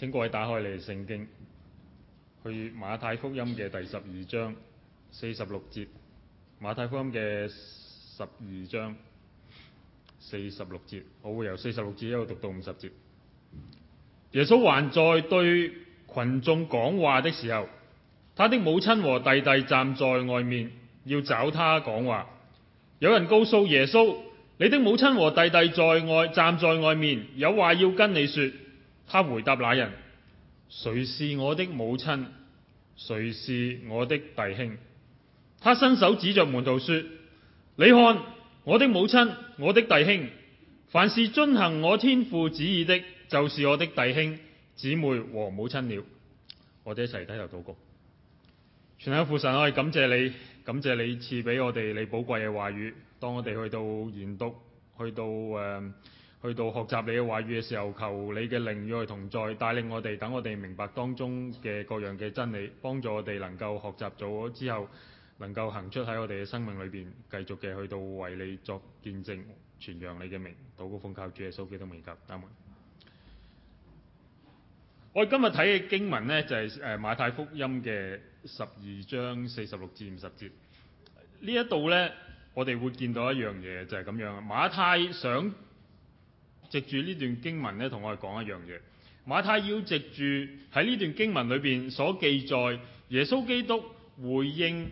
請各位打開你哋聖經，去馬太福音嘅第十二章四十六節。馬太福音嘅十二章四十六節，我會由四十六節一路讀到五十節。耶穌還在對群眾講話的時候，他的母親和弟弟站在外面，要找他講話。有人告訴耶穌：你的母親和弟弟在外，站在外面，有話要跟你說。他回答那人：誰是我的母親？誰是我的弟兄？他伸手指着門徒說：你看，我的母親，我的弟兄，凡是遵行我天父旨意的，就是我的弟兄、姊妹和母親了。我哋一齊低頭禱告。全香港父神，我哋感謝你，感謝你賜俾我哋你寶貴嘅話語，當我哋去到研讀，去到誒。呃去到學習你嘅話語嘅時候，求你嘅靈與我同在，帶領我哋，等我哋明白當中嘅各樣嘅真理，幫助我哋能夠學習咗之後，能夠行出喺我哋嘅生命裏邊，繼續嘅去到為你作見證，傳揚你嘅名。禱告奉靠主耶穌基督嘅名，求，都明。我哋今日睇嘅經文呢，就係、是、誒、呃、馬太福音嘅十二章四十六至五十節。呢一度呢，我哋會見到一樣嘢就係咁樣，馬太想。藉住呢段經文咧，同我哋講一樣嘢。馬太要藉住喺呢段經文裏面所記載，耶穌基督回應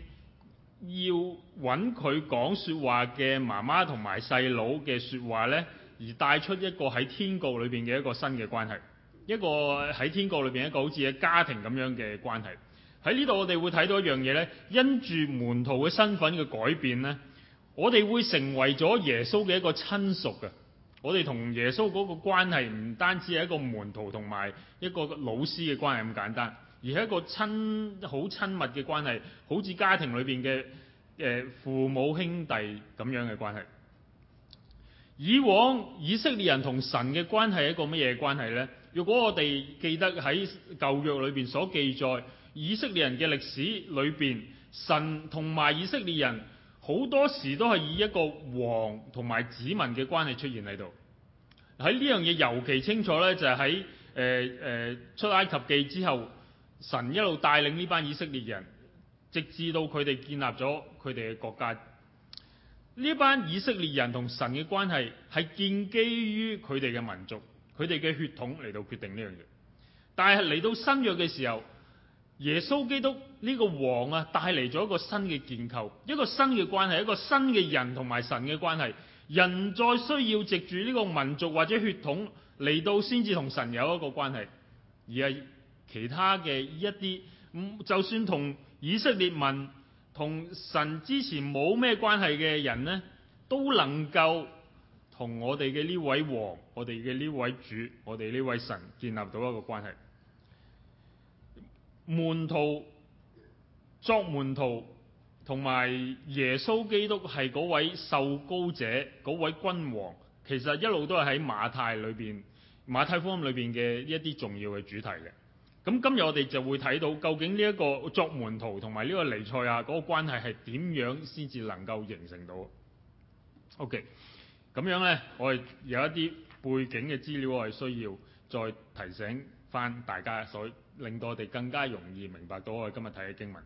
要揾佢講說話嘅媽媽同埋細佬嘅說話呢，而帶出一個喺天國裏面嘅一個新嘅關係，一個喺天國裏面一個好似嘅家庭咁樣嘅關係。喺呢度我哋會睇到一樣嘢呢：因住門徒嘅身份嘅改變呢，我哋會成為咗耶穌嘅一個親屬嘅。我哋同耶穌嗰個關係唔單止係一個門徒同埋一個老師嘅關係咁簡單，而係一個親好親密嘅關係，好似家庭裏邊嘅誒父母兄弟咁樣嘅關係。以往以色列人同神嘅關係係一個乜嘢關係呢？如果我哋記得喺舊約裏邊所記載，以色列人嘅歷史裏邊，神同埋以色列人。好多時都係以一個王同埋子民嘅關係出現喺度，喺呢樣嘢尤其清楚咧，就係喺誒誒出埃及記之後，神一路帶領呢班以色列人，直至到佢哋建立咗佢哋嘅國家。呢班以色列人同神嘅關係係建基於佢哋嘅民族、佢哋嘅血統嚟到決定呢樣嘢，但係嚟到新約嘅時候。耶穌基督呢個王啊，帶嚟咗一個新嘅建構，一個新嘅關係，一個新嘅人同埋神嘅關係。人再需要藉住呢個民族或者血統嚟到先至同神有一個關係，而係其他嘅一啲，就算同以色列民同神之前冇咩關係嘅人呢，都能夠同我哋嘅呢位王、我哋嘅呢位主、我哋呢位神建立到一個關係。門徒作門徒，同埋耶穌基督係嗰位受膏者，嗰位君王，其實一路都係喺馬太裏邊、馬太福音裏邊嘅一啲重要嘅主題嘅。咁今日我哋就會睇到，究竟呢一個作門徒同埋呢個尼賽亞嗰個關係係點樣先至能夠形成到？OK，咁樣呢，我哋有一啲背景嘅資料，我哋需要再提醒翻大家所。令到我哋更加容易明白到我哋今日睇嘅經文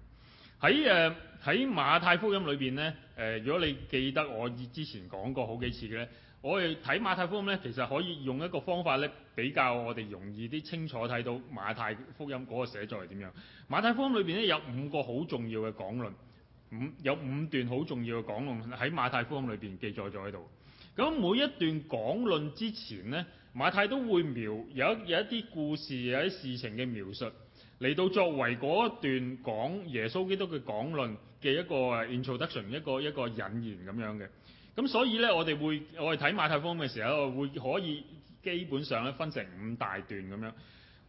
喺、呃、喺馬太福音裏面呢、呃，如果你記得我之前講過好幾次嘅呢，我哋睇馬太福音呢，其實可以用一個方法呢比較我哋容易啲清楚睇到馬太福音嗰個寫作係點樣。馬太福音裏面呢，有五個好重要嘅講論，五有五段好重要嘅講論喺馬太福音裏面記載咗喺度。咁每一段講論之前咧，馬太都會描有一有一啲故事，有啲事情嘅描述嚟到作為嗰一段講耶穌基督嘅講論嘅一個 introduction，一個一個引言咁樣嘅。咁所以咧，我哋會我哋睇馬太福音嘅時候咧，會可以基本上咧分成五大段咁樣。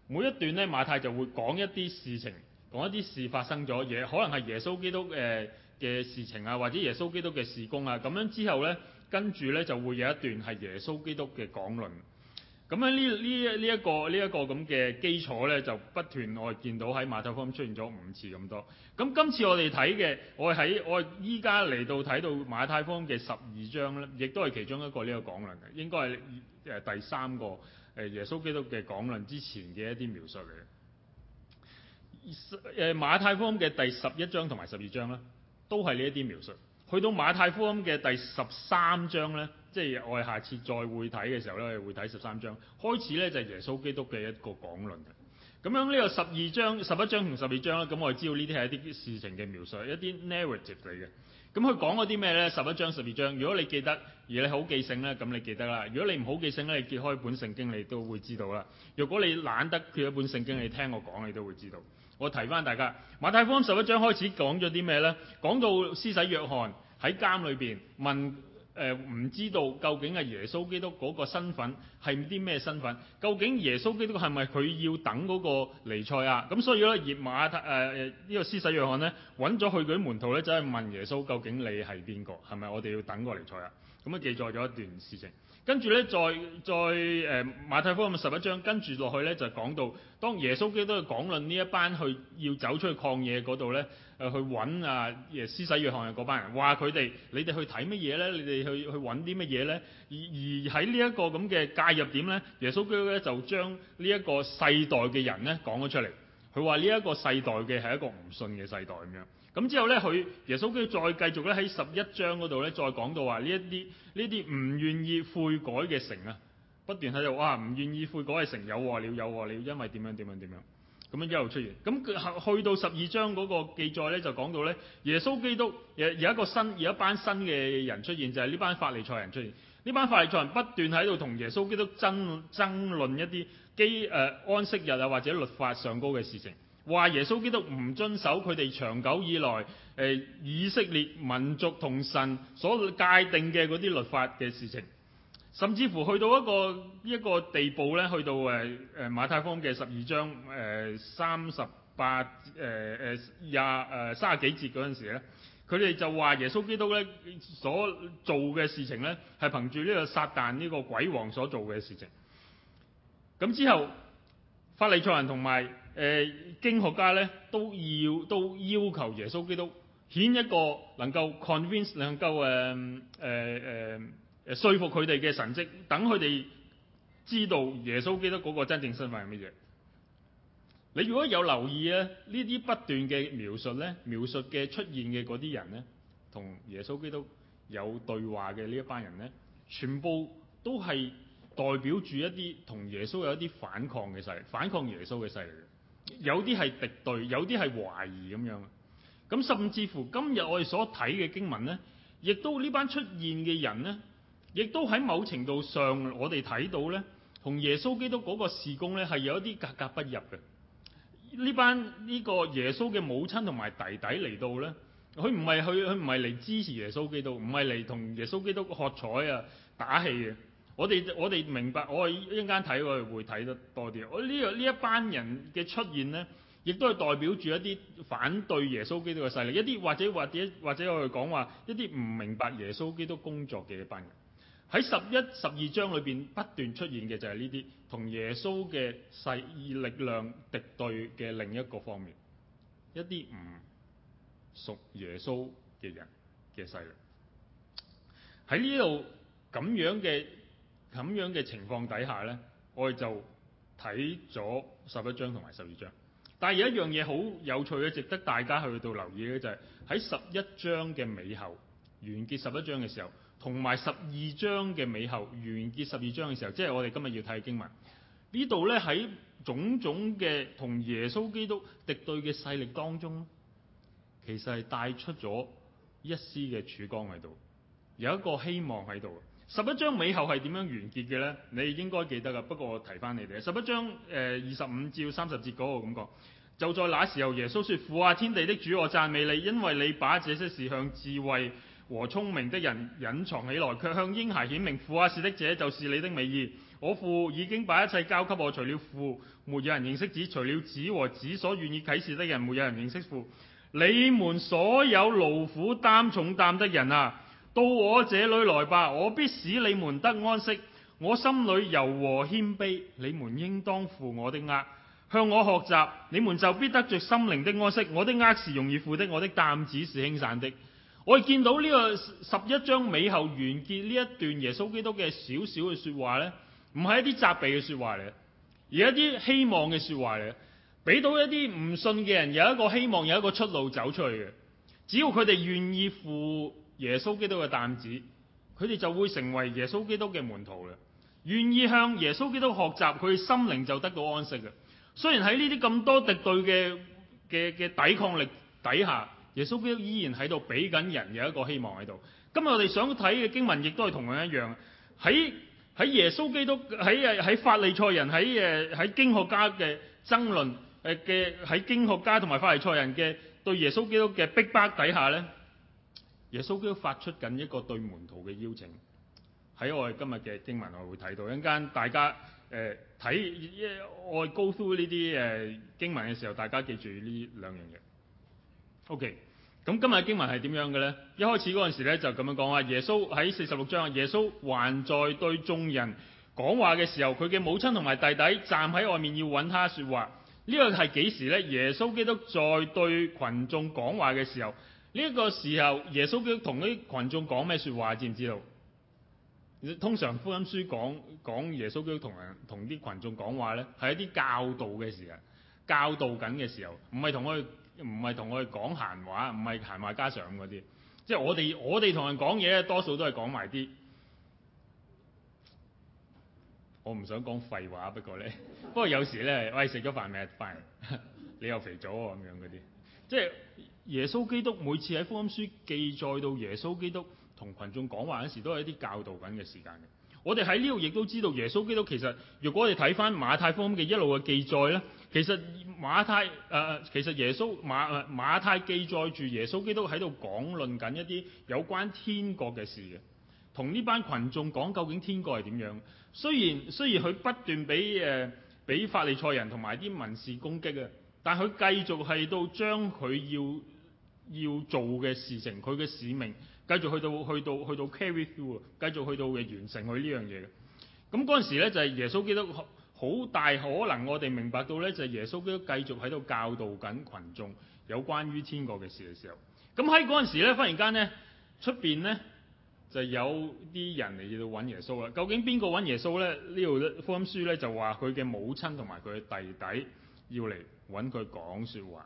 每一段咧，馬太就會講一啲事情，講一啲事發生咗嘢，可能係耶穌基督誒嘅事情啊，或者耶穌基督嘅事工啊。咁樣之後咧。跟住呢，就會有一段係耶穌基督嘅講論。咁樣呢呢一呢一個呢一個呢個咁嘅基礎呢，就不斷我見到喺馬太福音出現咗五次咁多。咁今次我哋睇嘅，我喺我依家嚟到睇到馬太福音嘅十二章呢，亦都係其中一個呢個講論嘅，應該係誒第三個誒耶穌基督嘅講論之前嘅一啲描述嚟。誒馬太福音嘅第十一章同埋十二章呢，都係呢一啲描述。去到馬太福音嘅第十三章呢，即係我哋下次再會睇嘅時候呢，我哋會睇十三章。開始呢，就係耶穌基督嘅一個講論。咁樣呢個十二章、十一章同十二章咧，咁我哋知道呢啲係一啲事情嘅描述，一啲 narrative 嚟嘅。咁佢講咗啲咩呢？十一章、十二章，如果你記得而你好記性呢，咁你記得啦。如果你唔好記性呢，你揭開本聖經你都會知道啦。如果你懶得揭一本聖經你聽我講，你都會知道。我提翻大家，馬太福音十一章開始講咗啲咩呢？講到施洗約翰。喺監裏邊問誒，唔、呃、知道究竟係耶穌基督嗰個身份係啲咩身份？究竟耶穌基督係咪佢要等嗰個彌賽亞？咁所以咧，以馬誒誒呢個施洗約翰咧，揾咗佢嗰啲門徒咧，就係、是、問耶穌：究竟你係邊個？係咪我哋要等個彌賽亞？咁啊，記載咗一段事情。跟住咧，再再誒馬太福音十一章，跟住落去咧，就講到當耶穌基督講論呢一班去要走出去曠野嗰度咧，誒去揾啊耶施洗約翰嗰班人，話佢哋，你哋去睇乜嘢咧？你哋去去去揾啲乜嘢咧？而而喺呢一個咁嘅介入點咧，耶穌基督咧就將呢一個世代嘅人咧講咗出嚟，佢話呢一個世代嘅係一個唔信嘅世代咁樣。咁之後咧，佢耶穌基督再繼續咧喺十一章嗰度咧，再講到話呢一啲呢啲唔願意悔改嘅城啊，不斷喺度哇唔願意悔改嘅城有禍、哦、了有禍、哦、了，因為點樣點樣點樣，咁樣，樣，樣一路出現。咁去到十二章嗰個記載咧，就講到咧，耶穌基督有，有一個新有一班新嘅人出現，就係呢班法利賽人出現。呢班法利賽人不斷喺度同耶穌基督爭爭論一啲基安息日啊或者律法上高嘅事情。話耶穌基督唔遵守佢哋長久以來誒、呃、以色列民族同神所界定嘅嗰啲律法嘅事情，甚至乎去到一個一個地步咧，去到誒誒、呃、馬太福音嘅十二章誒、呃、三十八誒誒廿誒卅幾節嗰陣時咧，佢哋就話耶穌基督咧所做嘅事情咧係憑住呢個撒旦、呢個鬼王所做嘅事情。咁之後法利賽人同埋。誒經學家咧都要都要求耶穌基督顯一個能夠 convince 能夠誒誒誒誒說服佢哋嘅神跡，等佢哋知道耶穌基督嗰個真正身份係乜嘢。你如果有留意咧，呢啲不斷嘅描述咧，描述嘅出現嘅嗰啲人咧，同耶穌基督有對話嘅呢一班人咧，全部都係代表住一啲同耶穌有一啲反抗嘅勢力，反抗耶穌嘅勢力嚟嘅。有啲係敵對，有啲係懷疑咁樣。咁甚至乎今日我哋所睇嘅經文呢，亦都呢班出現嘅人呢，亦都喺某程度上我哋睇到呢，同耶穌基督嗰個事工呢，係有一啲格格不入嘅。呢班呢個耶穌嘅母親同埋弟弟嚟到呢，佢唔係去，佢唔係嚟支持耶穌基督，唔係嚟同耶穌基督喝彩啊，打氣啊！我哋我哋明白，我哋一陣間睇我哋會睇得多啲。我呢個呢一班人嘅出現呢，亦都係代表住一啲反對耶穌基督嘅勢力，一啲或者或者或者我哋講話一啲唔明白耶穌基督工作嘅一班人。喺十一十二章裏邊不斷出現嘅就係呢啲同耶穌嘅勢力力量敵對嘅另一個方面，一啲唔屬耶穌嘅人嘅勢力。喺呢度咁樣嘅。咁樣嘅情況底下呢，我哋就睇咗十一章同埋十二章。但係有一樣嘢好有趣嘅，值得大家去到留意嘅就係喺十一章嘅尾後完結十一章嘅時候，同埋十二章嘅尾後完結十二章嘅時候，即係我哋今日要睇嘅經文呢度呢，喺種種嘅同耶穌基督敵對嘅勢力當中，其實係帶出咗一絲嘅曙光喺度，有一個希望喺度。十一章尾後係點樣完結嘅呢？你應該記得嘅，不過我提翻你哋。十一章誒二十五至三十節嗰個感覺，就在那時候耶穌說，耶穌說父啊，天地的主，我讚美你，因為你把這些事向智慧和聰明的人隱藏起來，卻向嬰孩顯明。父啊，是的者就是你的美意。我父已經把一切交給我，除了父，沒有人認識子；除了子和子所願意啟示的人，沒有人認識父。你們所有勞苦擔重擔的人啊！到我這裏來吧，我必使你們得安息。我心裏柔和謙卑，你們應當負我的軛，向我學習，你們就必得着心靈的安息。我的軛是容易負的，我的擔子是輕省的。我哋見到呢個十一章尾後完結呢一段耶穌基督嘅少少嘅說話呢，唔係一啲責備嘅說話嚟嘅，而係一啲希望嘅說話嚟嘅，俾到一啲唔信嘅人有一個希望，有一個出路走出去嘅。只要佢哋願意負。耶穌基督嘅擔子，佢哋就會成為耶穌基督嘅門徒啦。願意向耶穌基督學習，佢心靈就得到安息啦。雖然喺呢啲咁多敵對嘅嘅嘅抵抗力底下，耶穌基督依然喺度俾緊人有一個希望喺度。今日我哋想睇嘅經文，亦都係同樣一樣。喺喺耶穌基督喺誒喺法利賽人喺誒喺經學家嘅爭論誒嘅喺經學家同埋法利賽人嘅對耶穌基督嘅逼迫，迫底下咧。耶穌基督發出緊一個對門徒嘅邀請，喺我哋今日嘅經文我會睇到一陣間，大家誒睇，呃、我 go through 呢啲誒經文嘅時候，大家記住呢兩樣嘢。O.K. 咁今日經文係點樣嘅咧？一開始嗰陣時咧就咁樣講啊，耶穌喺四十六章啊，耶穌還在對眾人講話嘅時候，佢嘅母親同埋弟弟站喺外面要揾他說話。呢個係幾時咧？耶穌基督在對群眾講話嘅時候。呢一個時候，耶穌基督同啲群眾講咩説話？知唔知道？通常福音書講講耶穌基督同人同啲群眾講話咧，係一啲教導嘅時候，教導緊嘅時候，唔係同我哋唔係同我哋講閒話，唔係閒話家常嗰啲。即係我哋我哋同人講嘢咧，多數都係講埋啲我唔想講廢話。不過咧， 不過有時咧，喂，食咗飯未？翻嚟 你又肥咗喎咁樣嗰啲，即係。耶穌基督每次喺福音書記載到耶穌基督同群眾講話嗰時，都係一啲教導緊嘅時間嘅。我哋喺呢度亦都知道，耶穌基督其實，如果你睇翻馬太福音嘅一路嘅記載呢，其實馬太誒、啊，其實耶穌馬、啊、馬太記載住耶穌基督喺度講論緊一啲有關天國嘅事嘅，同呢班群眾講究竟天國係點樣雖。雖然雖然佢不斷俾誒俾法利賽人同埋啲文士攻擊啊，但佢繼續係到將佢要。要做嘅事情，佢嘅使命，繼續去到去到去到 carry through，繼續去到嘅完成佢呢樣嘢嘅。咁嗰陣時咧，就係耶穌基督好大可能，我哋明白到咧，就係耶穌基督都繼續喺度教導緊群眾有關於天國嘅事嘅時候。咁喺嗰陣時咧，忽然間咧，出邊咧就有啲人嚟到揾耶穌啦。究竟邊個揾耶穌咧？呢度福音書咧就話佢嘅母親同埋佢嘅弟弟要嚟揾佢講説話。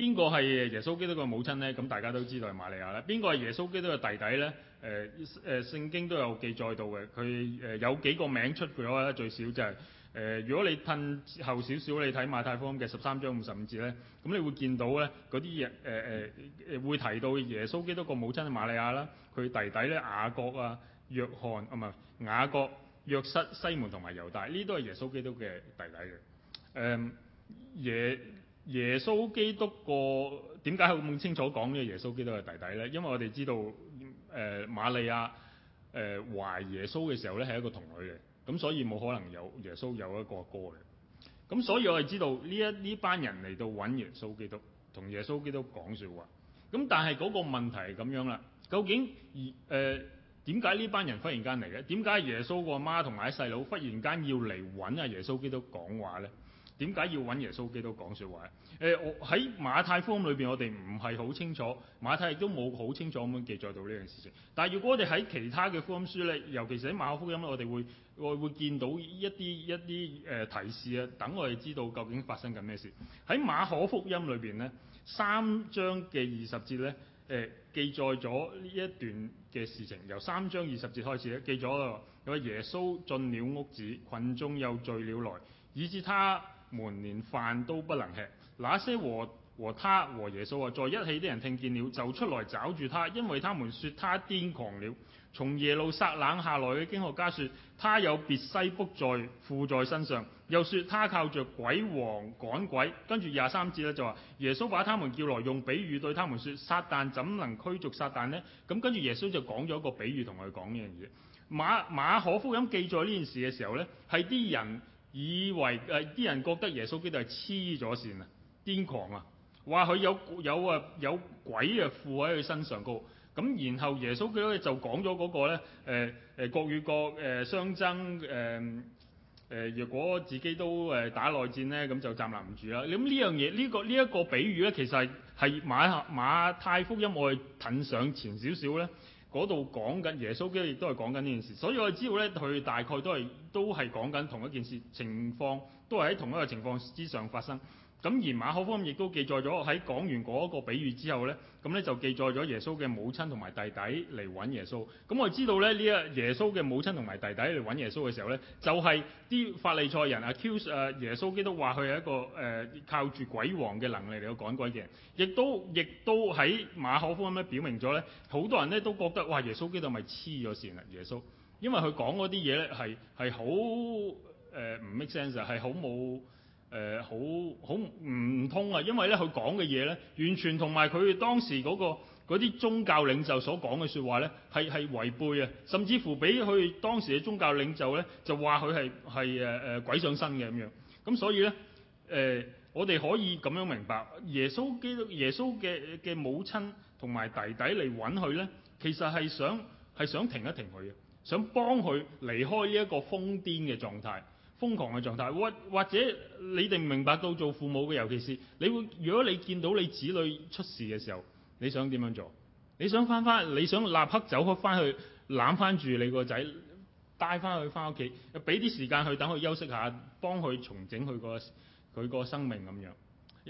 邊個係耶穌基督嘅母親呢？咁大家都知道係瑪利亞啦。邊個係耶穌基督嘅弟弟呢？誒誒聖經都有記載到嘅。佢誒有幾個名出咗咧？最少就係、是、誒、呃，如果你褪後少少，你睇馬太福音嘅十三章五十五節呢，咁你會見到呢嗰啲嘢誒誒誒會提到耶穌基督嘅母親係瑪利亞啦。佢弟弟呢，雅各啊、約翰啊，唔係雅各、約瑟、西門同埋猶大，呢都係耶穌基督嘅弟弟嘅。誒、嗯、嘢。耶穌基督個點解會咁清楚講呢？耶穌基督嘅弟弟呢？因為我哋知道，誒、呃，瑪利亞，誒、呃，懷耶穌嘅時候呢，係一個童女嚟。咁所以冇可能有耶穌有一個阿哥嚟。咁所以我哋知道呢一呢班人嚟到揾耶穌基督，同耶穌基督講笑話，咁但係嗰個問題係咁樣啦，究竟而誒，點解呢班人忽然間嚟嘅？點解耶穌個媽同埋啲細佬忽然間要嚟揾阿耶穌基督講話呢？點解要揾耶穌基督講説話咧？我、呃、喺馬太福音裏邊，我哋唔係好清楚，馬太亦都冇好清楚咁樣記載到呢樣事情。但係如果我哋喺其他嘅福音書咧，尤其是喺馬可福音咧，我哋會我會見到一啲一啲誒提示啊，等我哋知道究竟發生緊咩事。喺馬可福音裏邊咧，三章嘅二十節咧，誒、呃、記載咗呢一段嘅事情，由三章二十節開始咧，記咗啊，有個耶穌進了屋子，群眾又聚了來，以致他。門連飯都不能吃，那些和和他和耶穌喎在一起的人聽見了，就出來找住他，因為他們說他癲狂了。從耶路撒冷下來嘅經學家說，他有別西卜在附在身上，又說他靠着鬼王趕鬼。跟住廿三節咧就話，耶穌把他們叫來用比喻對他們說：撒旦怎能驅逐撒旦呢？咁跟住耶穌就講咗一個比喻同佢講呢樣嘢。馬可福音記載呢件事嘅時候呢，係啲人，以為誒啲、呃、人覺得耶穌基督係痴咗線啊，癲狂啊，話佢有有啊有鬼啊附喺佢身上個。咁然後耶穌基督咧就講咗嗰個咧誒誒國與國誒、呃、相爭誒誒，若、呃呃呃、果自己都誒打內戰咧，咁就站立唔住啦。咁呢樣嘢呢個呢一、呢個呢個比喻咧，其實係係馬、馬太福音我去褪上前少少咧。嗰度講緊耶穌基督亦都係講緊呢件事，所以我哋知道咧，佢大概都係都係講緊同一件事，情況都係喺同一個情況之上發生。咁而馬可福音亦都記載咗喺講完嗰個比喻之後呢，咁呢就記載咗耶穌嘅母親同埋弟弟嚟揾耶穌。咁我知道呢，呢一耶穌嘅母親同埋弟弟嚟揾耶穌嘅時候呢，就係、是、啲法利賽人 accuse 耶穌基督話佢係一個、呃、靠住鬼王嘅能力嚟到趕鬼嘅人，亦都亦都喺馬可福音表明咗呢，好多人呢都覺得哇，耶穌基督咪黐咗線啊，耶穌，因為佢講嗰啲嘢呢係係好唔 make sense 係好冇。誒好好唔通啊！因為咧，佢講嘅嘢咧，完全同埋佢當時嗰個嗰啲宗教領袖所講嘅說話咧，係係違背啊！甚至乎俾佢當時嘅宗教領袖咧，就話佢係係誒誒鬼上身嘅咁樣。咁所以咧，誒、呃、我哋可以咁樣明白，耶穌基督、耶穌嘅嘅母親同埋弟弟嚟揾佢咧，其實係想係想停一停佢嘅，想幫佢離開呢一個瘋癲嘅狀態。瘋狂嘅狀態，或或者你哋明白到做父母嘅，尤其是你會，如果你見到你子女出事嘅時候，你想點樣做？你想翻翻，你想立刻走翻去攬翻住你個仔，帶翻去翻屋企，俾啲時間去等佢休息下，幫佢重整佢個佢個生命咁樣。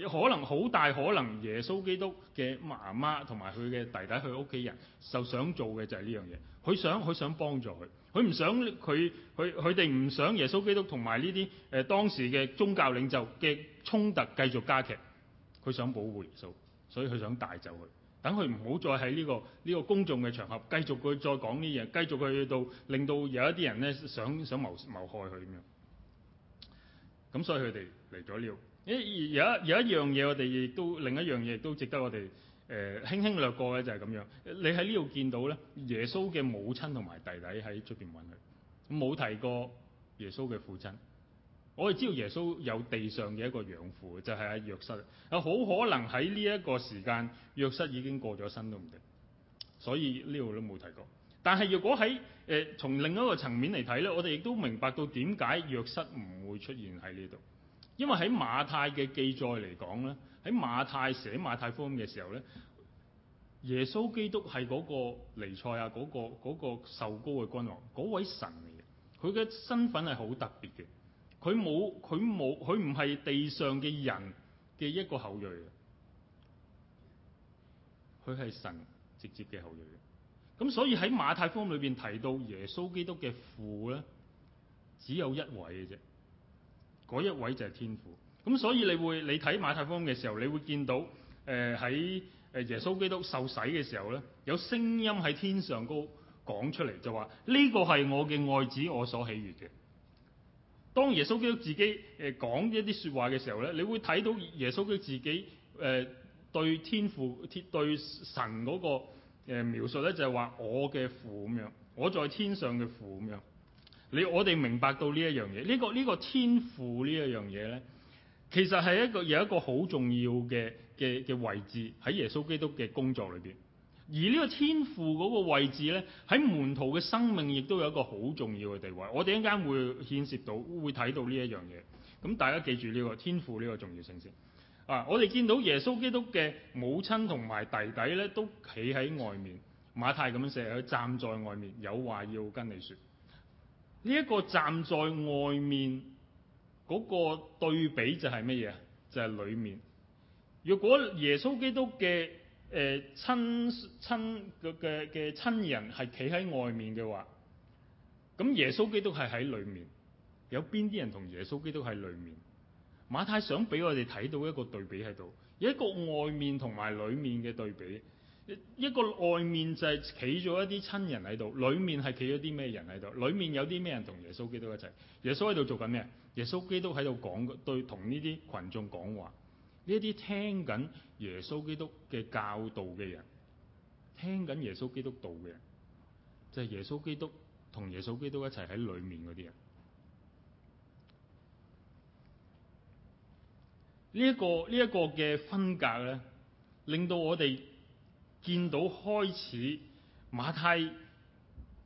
可能好大可能，耶穌基督嘅媽媽同埋佢嘅弟弟佢屋企人，就想做嘅就係呢樣嘢，佢想佢想幫助佢。佢唔想佢，佢佢哋唔想耶穌基督同埋呢啲誒當時嘅宗教領袖嘅衝突繼續加劇，佢想保護耶穌，所以佢想帶走佢，等佢唔好再喺呢個呢個公眾嘅場合繼續佢再講呢嘢，繼續佢去到令到有一啲人咧想想謀謀害佢咁樣，咁所以佢哋嚟咗呢度。誒有有一樣嘢我哋亦都另一樣嘢都值得我哋。誒輕輕略過咧，就係咁樣。你喺呢度見到咧，耶穌嘅母親同埋弟弟喺出邊揾佢，冇提過耶穌嘅父親。我哋知道耶穌有地上嘅一個養父，就係阿約瑟。啊，好可能喺呢一個時間，約瑟已經過咗身都唔定，所以呢度都冇提過。但係如果喺誒從另一個層面嚟睇咧，我哋亦都明白到點解約瑟唔會出現喺呢度，因為喺馬太嘅記載嚟講咧。喺馬太寫馬太福音嘅時候咧，耶穌基督係嗰個彌賽亞嗰個嗰個受膏嘅君王，嗰位神嚟嘅，佢嘅身份係好特別嘅，佢冇佢冇佢唔係地上嘅人嘅一個後裔，佢係神直接嘅後裔嘅，咁所以喺馬太福音裏面提到耶穌基督嘅父咧，只有一位嘅啫，嗰一位就係天父。咁所以你會你睇馬太福音嘅時候，你會見到誒喺誒耶穌基督受洗嘅時候咧，有聲音喺天上高講出嚟，就話呢、這個係我嘅愛子，我所喜悅嘅。當耶穌基督自己誒講、呃、一啲説話嘅時候咧，你會睇到耶穌基督自己誒、呃、對天父、對神嗰個描述咧，就係、是、話我嘅父咁樣，我在天上嘅父咁樣。你我哋明白到呢一樣嘢，呢、這個呢、這個天父呢一樣嘢咧。其實係一個有一個好重要嘅嘅嘅位置喺耶穌基督嘅工作裏邊，而呢個天父嗰個位置呢，喺門徒嘅生命亦都有一個好重要嘅地位。我哋一陣會牽涉到，會睇到呢一樣嘢。咁大家記住呢個天父呢個重要性先。啊，我哋見到耶穌基督嘅母親同埋弟弟呢，都企喺外面，馬太咁樣寫，站在外面，有話要跟你說。呢一個站在外面，嗰個對比就係乜嘢？就係裡面。如果耶穌基督嘅誒親親嘅嘅嘅親人係企喺外面嘅話，咁耶穌基督係喺裡面。有邊啲人同耶穌基督係裡面？馬太想俾我哋睇到一個對比喺度，一個外面同埋裡面嘅對比。一個外面就係企咗一啲親人喺度，裡面係企咗啲咩人喺度？裡面有啲咩人同耶穌基督一齊？耶穌喺度做緊咩？耶穌基督喺度講，對同呢啲群眾講話，呢一啲聽緊耶穌基督嘅教導嘅人，聽緊耶穌基督道嘅人，就係、是、耶穌基督同耶穌基督一齊喺裡面嗰啲人。這個這個、呢一個呢一個嘅分隔咧，令到我哋見到開始馬太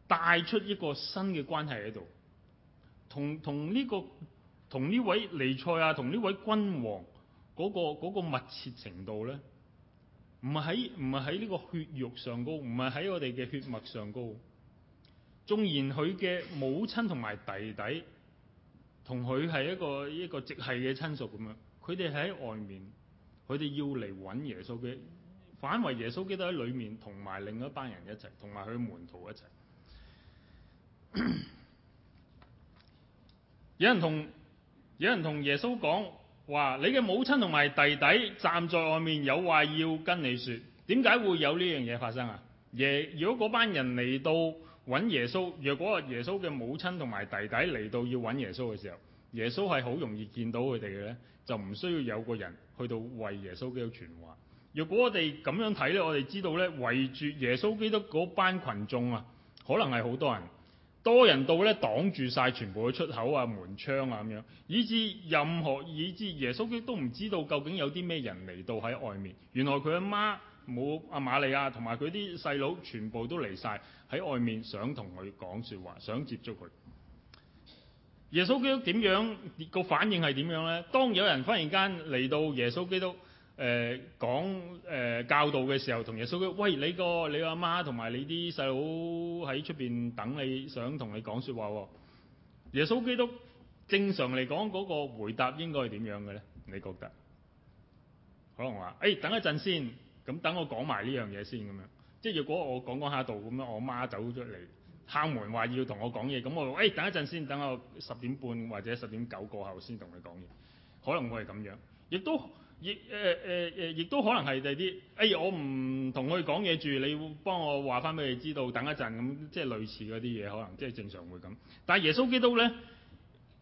帶出一個新嘅關係喺度。同同呢、這個同呢位彌賽亞，同呢位君王嗰、那個那個密切程度咧，唔係喺唔係喺呢個血肉上高，唔係喺我哋嘅血脈上高。縱然佢嘅母親同埋弟弟同佢係一個一個直系嘅親屬咁樣，佢哋喺外面，佢哋要嚟揾耶穌基督，反為耶穌基督喺裡面，同埋另一班人一齊，同埋佢門徒一齊。 有人同有人同耶穌講話，你嘅母親同埋弟弟站在外面，有話要跟你說，點解會有呢樣嘢發生啊？耶，如果嗰班人嚟到揾耶穌，若果耶穌嘅母親同埋弟弟嚟到要揾耶穌嘅時候，耶穌係好容易見到佢哋嘅咧，就唔需要有個人去到為耶穌基督傳話。若果我哋咁樣睇咧，我哋知道咧圍住耶穌基督嗰班群眾啊，可能係好多人。多人到咧，擋住曬全部嘅出口啊、門窗啊咁樣，以至任何以至耶穌基督都唔知道究竟有啲咩人嚟到喺外面。原來佢阿媽冇阿瑪利亞同埋佢啲細佬全部都嚟曬喺外面，想同佢講說話，想接觸佢。耶穌基督點樣？個反應係點樣呢？當有人忽然間嚟到耶穌基督。誒、呃、講誒、呃、教導嘅時候，同耶穌基督說，喂，你個你阿媽同埋你啲細佬喺出面等你，想同你講説話，哦。耶穌基督正常嚟講嗰個回答應該係點樣嘅咧？你覺得可能話誒、欸、等一陣先，咁等我講埋呢樣嘢先咁樣。即係如果我講講下道咁樣，我媽走出嚟敲門要話要同我講嘢，咁我誒，等一陣先，等我十點半或者十點九過後先同佢講嘢。可能我係咁樣，亦都。亦誒誒誒，亦都可能係第啲，哎，我唔同佢講嘢住，你會幫我話翻俾佢知道，等一陣咁，即係類似嗰啲嘢，可能即係正常會咁。但係耶穌基督咧，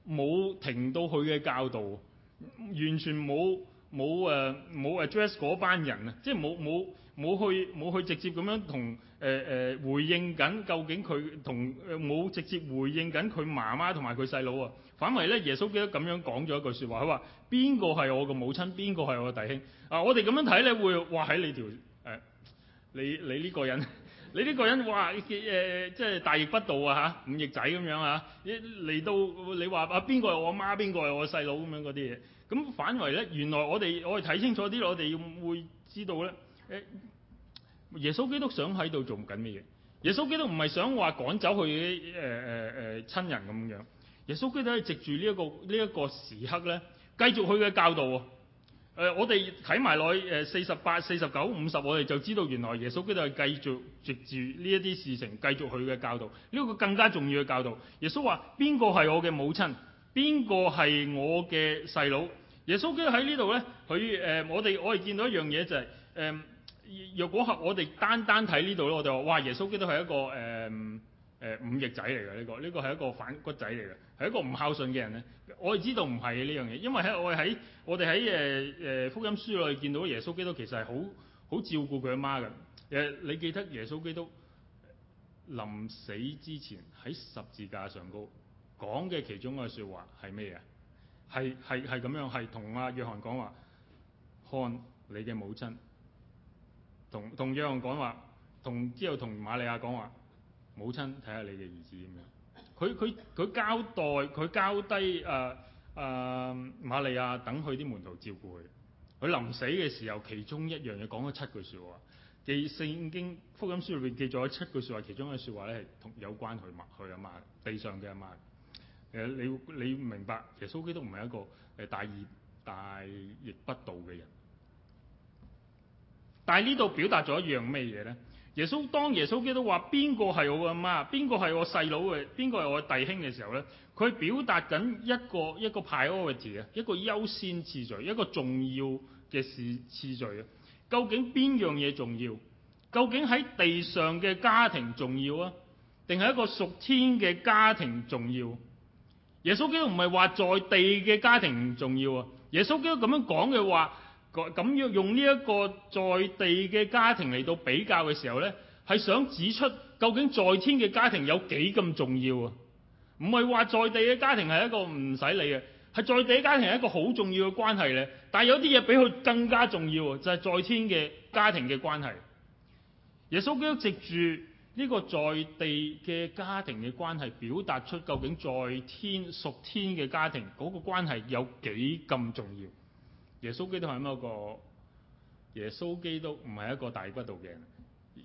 冇停到佢嘅教導，完全冇冇誒冇 address 嗰班人啊，即係冇冇冇去冇去直接咁樣同。誒誒，回應緊究竟佢同冇直接回應緊佢媽媽同埋佢細佬啊？反為咧耶穌基督咁樣講咗一句説話，佢話邊個係我個母親，邊個係我嘅弟兄？啊，我哋咁樣睇咧，會哇喺你條誒、啊、你你呢個人，你呢個人哇誒即係大逆不道啊嚇，五逆仔咁樣嚇，嚟、啊、到你話啊邊個係我媽，邊個係我細佬咁樣嗰啲嘢，咁、啊、反為咧原來我哋我哋睇清楚啲，我哋會知道咧誒。啊。耶穌基督想喺度做緊咩嘢？耶穌基督唔係想話趕走佢啲誒誒誒親人咁樣。耶穌基督係藉住呢一個呢一個時刻咧，繼續佢嘅教導、哦。誒、呃，我哋睇埋落去誒四十八、四十九、五十，我哋就知道原來耶穌基督係繼續藉住呢一啲事情繼續佢嘅教導。呢個更加重要嘅教導。耶穌話：邊個係我嘅母親？邊個係我嘅細佬？耶穌基督喺呢度咧，佢誒、呃，我哋我哋見到一樣嘢就係、是、誒。呃若果係我哋單單睇呢度咧，我就話：哇！耶穌基督係一個誒誒、呃呃、忤逆仔嚟嘅。這個呢、這個呢個係一個反骨仔嚟嘅，係一個唔孝順嘅人咧。我哋知道唔係呢樣嘢，因為喺我喺我哋喺誒誒福音書內見到耶穌基督其實係好好照顧佢阿媽㗎。誒、呃，你記得耶穌基督臨死之前喺十字架上高講嘅其中嘅説話係咩啊？係係係咁樣，係同阿約翰講話：看你嘅母親。同同約翰講話，同，同之後同瑪利亞講話，母親，睇下你嘅兒子點樣。佢佢佢交代，佢交低誒誒瑪利亞等佢啲門徒照顧佢。佢臨死嘅時候，其中一樣嘢講咗七句説話。記聖經福音書裏邊記咗七句説話，其中一句説話咧係同有關佢默佢啊嘛地上嘅啊嘛。誒，你你明白？其實耶穌基督唔係一個誒大逆大逆不道嘅人。但係呢度表達咗一樣咩嘢呢？耶穌當耶穌基督話邊個係我阿媽，邊個係我細佬嘅，邊個係我弟兄嘅時候呢，佢表達緊一個一個 priority 嘅，一個優先次序，一個重要嘅事次序啊！究竟邊樣嘢重要？究竟喺地上嘅家庭重要啊，定係一個屬天嘅家庭重要？耶穌基督唔係話在地嘅家庭重要啊！耶穌基督咁樣講嘅話，咁要用呢一個在地嘅家庭嚟到比較嘅時候呢，係想指出究竟在天嘅家庭有幾咁重要啊？唔係話在地嘅家庭係一個唔使理嘅，係在地嘅家庭係一個好重要嘅關係呢。但係有啲嘢比佢更加重要，就係在天嘅家庭嘅關係。耶穌基督藉住呢個在地嘅家庭嘅關係，表達出究竟在天屬天嘅家庭嗰個關係有幾咁重要。耶穌基督係一個？耶穌基督唔係一個大逆不道嘅人。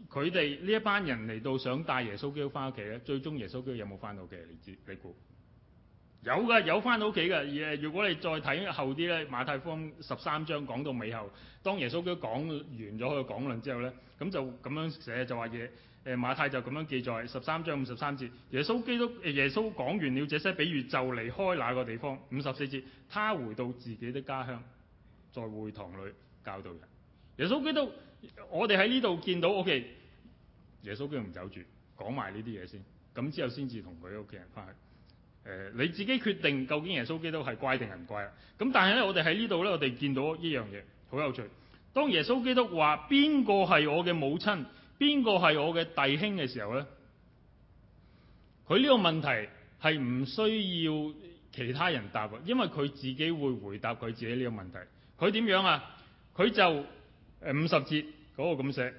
佢哋呢一班人嚟到想帶耶穌基督翻屋企咧，最終耶穌基督有冇翻到嘅？你知你估有噶，有翻到屋企噶？誒，如果你再睇後啲咧，馬太福音十三章講到尾後，當耶穌基督講完咗佢講論之後咧，咁就咁樣寫就話嘢。誒，馬太就咁樣記載十三章五十三節，耶穌基督、耶穌講完了這些比喻就離開那個地方。五十四節，他回到自己的家鄉，在會堂裏教導人，耶穌基督，我哋喺呢度見到，O.K. 耶穌基督唔走住，講埋呢啲嘢先，咁之後先至同佢屋企人翻去。誒、呃，你自己決定究竟耶穌基督係乖定係唔乖啦。咁但係咧，我哋喺呢度咧，我哋見到一樣嘢好有趣。當耶穌基督話邊個係我嘅母親，邊個係我嘅弟兄嘅時候咧，佢呢個問題係唔需要其他人答嘅，因為佢自己會回答佢自己呢個問題。佢點樣啊？佢就、呃、五十節嗰個咁寫，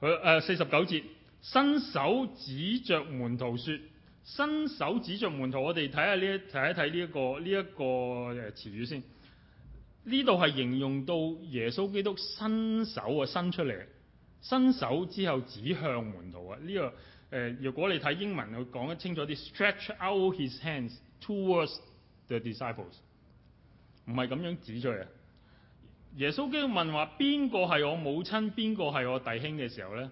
佢、呃、四十九節，伸手指著門徒説，伸手指著門徒。我哋睇下呢一睇一睇呢一個呢一個、呃、詞語先。呢度係形容到耶穌基督伸手啊伸出嚟，伸手之後指向門徒啊。呢個、呃、如果你睇英文佢講得清楚啲，stretch out his hands towards the disciples，唔係咁樣指出嚟啊。耶穌基督問話，邊個係我母親，邊個係我弟兄嘅時候咧，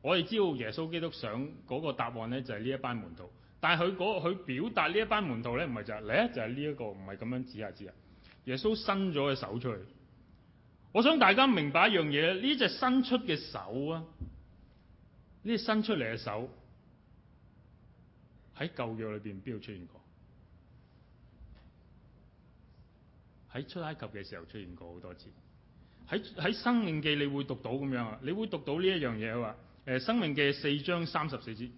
我哋知道耶穌基督想嗰個答案咧就係呢一班門徒。但係佢佢表達呢一班門徒咧，唔係就係、是、咧，就係呢一個，唔係咁樣指啊指啊。耶穌伸咗隻手出去，我想大家明白一樣嘢，呢隻伸出嘅手啊，呢隻伸出嚟嘅手喺舊約裏邊邊度出現過？喺出埃及嘅時候出現過好多次。喺喺《生命記》你會讀到咁樣啊，你會讀到呢一樣嘢話：誒《生命記》四章三十四節，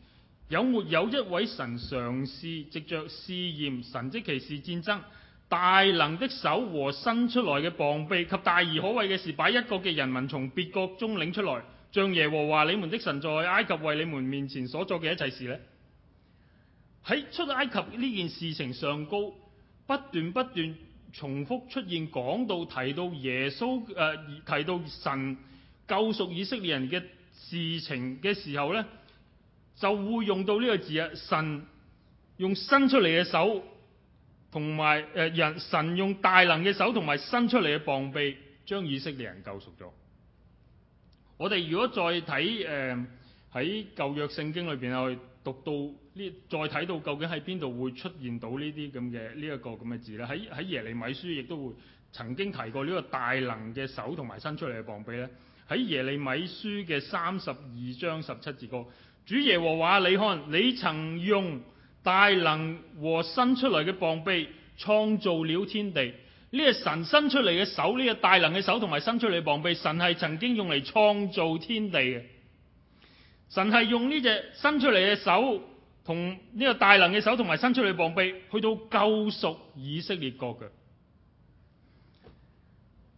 有沒有，有一位神嘗試藉著試驗神蹟、奇事、戰爭、大能的手和伸出來嘅膀臂及大而可畏嘅事，把一國嘅人民從別國中領出來，將耶和華你們的神在埃及為你們面前所做嘅一切事呢？」喺出埃及呢件事情上高不斷不斷。重複出現，講到提到耶穌誒、呃、提到神救贖以色列人嘅事情嘅時候咧，就會用到呢個字啊！神用伸出嚟嘅手，同埋誒人，神用大能嘅手同埋伸出嚟嘅膀臂，將以色列人救贖咗。我哋如果再睇，誒喺舊約聖經裏邊去讀到。呢再睇到究竟喺邊度會出現到這這、這個、這呢啲咁嘅呢一個咁嘅字咧？喺喺耶利米書亦都會曾經提過呢個大能嘅手同埋伸出嚟嘅膀臂咧。喺耶利米書嘅三十二章十七節講，主耶和華你看，你曾用大能和伸出嚟嘅膀臂創造了天地。呢、這個神伸出嚟嘅手，呢、這個大能嘅手同埋伸出嚟膀臂，神係曾經用嚟創造天地嘅。神係用呢隻伸出嚟嘅手。同呢個大能嘅手同埋伸出嚟嘅膀臂，去到救贖以色列國嘅。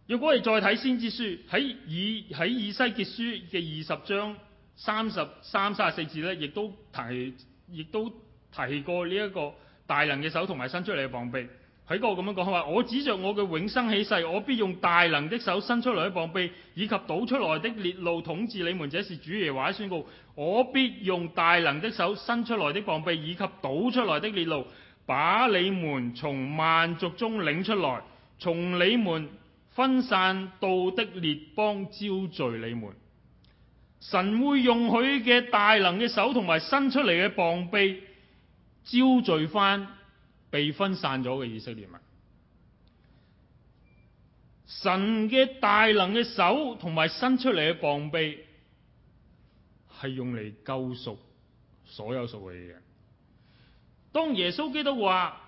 若果我哋再睇先知書，喺以喺以西結書嘅二十章三十三卅四節咧，亦都提亦都提過呢一個大能嘅手同埋伸出嚟嘅膀臂。喺嗰個咁樣講，話：我指着我嘅永生起誓，我必用大能的手伸出嚟嘅膀臂，以及倒出來的烈怒統治你們。這是主耶華宣告：「我必用大能的手伸出來的膀臂，以及倒出來的烈怒，把你們從萬族中領出來，從你們分散到的列邦招聚你們。神會用佢嘅大能嘅手同埋伸出嚟嘅膀臂招聚返，被分散咗嘅以色列民，神嘅大能嘅手同埋伸出嚟嘅膀臂，係用嚟救贖所有屬嘅嘢。當耶穌基督話，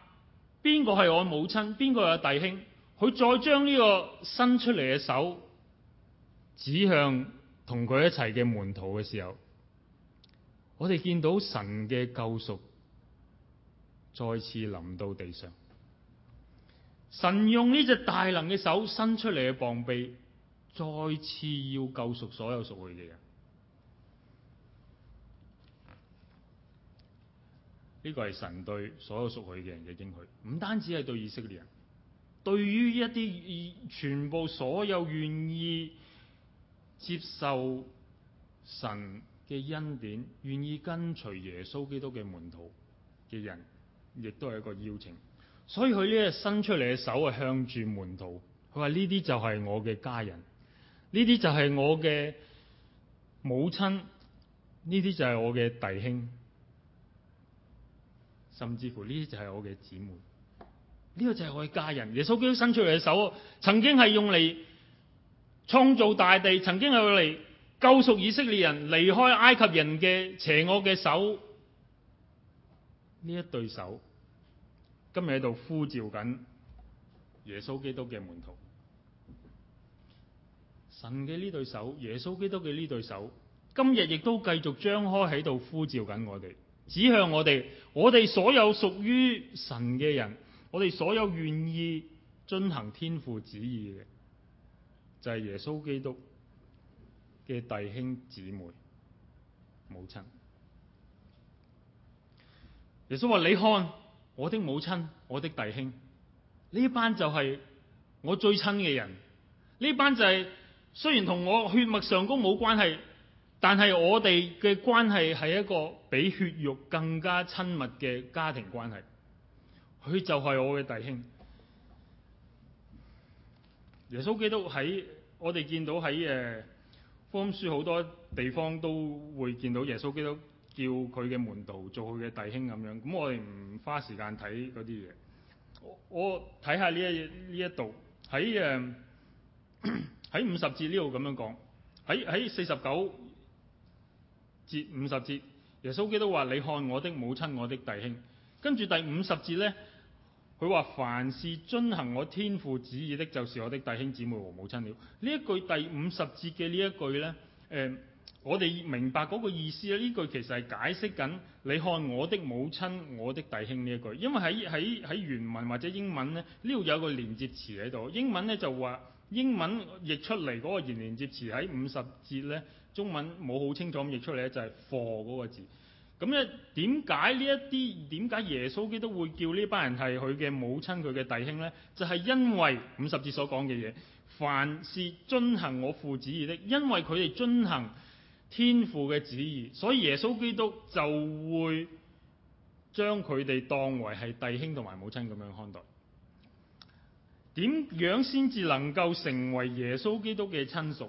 邊個係我母親？邊個係我弟兄？佢再將呢個伸出嚟嘅手指向同佢一齊嘅門徒嘅時候，我哋見到神嘅救贖。再次臨到地上，神用呢隻大能嘅手伸出嚟嘅膀臂，再次要救贖所有屬佢嘅人。呢個係神對所有屬佢嘅人嘅應許，唔單止係對以色列人，對於一啲全部所有願意接受神嘅恩典、願意跟隨耶穌基督嘅門徒嘅人。亦都係一個邀請，所以佢呢個伸出嚟嘅手係向住門徒，佢話呢啲就係我嘅家人，呢啲就係我嘅母親，呢啲就係我嘅弟兄，甚至乎呢啲就係我嘅姊妹，呢個就係我嘅家人。耶穌基督伸出嚟嘅手，曾經係用嚟創造大地，曾經係用嚟救贖以色列人離開埃及人嘅邪惡嘅手。呢一對手今日喺度呼召緊耶穌基督嘅門徒，神嘅呢對手，耶穌基督嘅呢對手，今日亦都繼續張開喺度呼召緊我哋，指向我哋，我哋所有屬於神嘅人，我哋所有願意遵行天父旨意嘅，就係、是、耶穌基督嘅弟兄姊妹、母親。耶穌話：你看我的母親，我的弟兄。呢班就係我最親嘅人，呢班就係、是，雖然同我血脈上高冇關係，但係我哋嘅關係係一個比血肉更加親密嘅家庭關係。佢就係我嘅弟兄。耶穌基督喺我哋見到喺誒福音書好多地方都會見到耶穌基督。叫佢嘅門徒做佢嘅弟兄咁樣，咁我哋唔花時間睇嗰啲嘢。我我睇下呢一呢一度喺誒喺五十節呢度咁樣講，喺喺四十九節五十節，耶穌基督話：你看我的母親，我的弟兄。跟住第五十節呢，佢話：凡是遵行我天父旨意的，就是我的弟兄姊妹和母親了。呢一句第五十節嘅呢一句呢。誒、呃。我哋明白嗰個意思咧。呢句其實係解釋緊。你看我的母親，我的弟兄呢一句，因為喺喺喺原文或者英文咧，呢度有個連接詞喺度。英文咧就話英文譯出嚟嗰個連接詞喺五十節咧，中文冇好清楚咁譯出嚟咧，就係 for 嗰個字。咁咧，點解呢一啲點解耶穌基督會叫呢班人係佢嘅母親、佢嘅弟兄咧？就係因為五十節所講嘅嘢，凡是遵行我父子義的，因為佢哋遵行。天父嘅旨意，所以耶穌基督就會將佢哋當為係弟兄同埋母親咁樣看待。點樣先至能夠成為耶穌基督嘅親屬？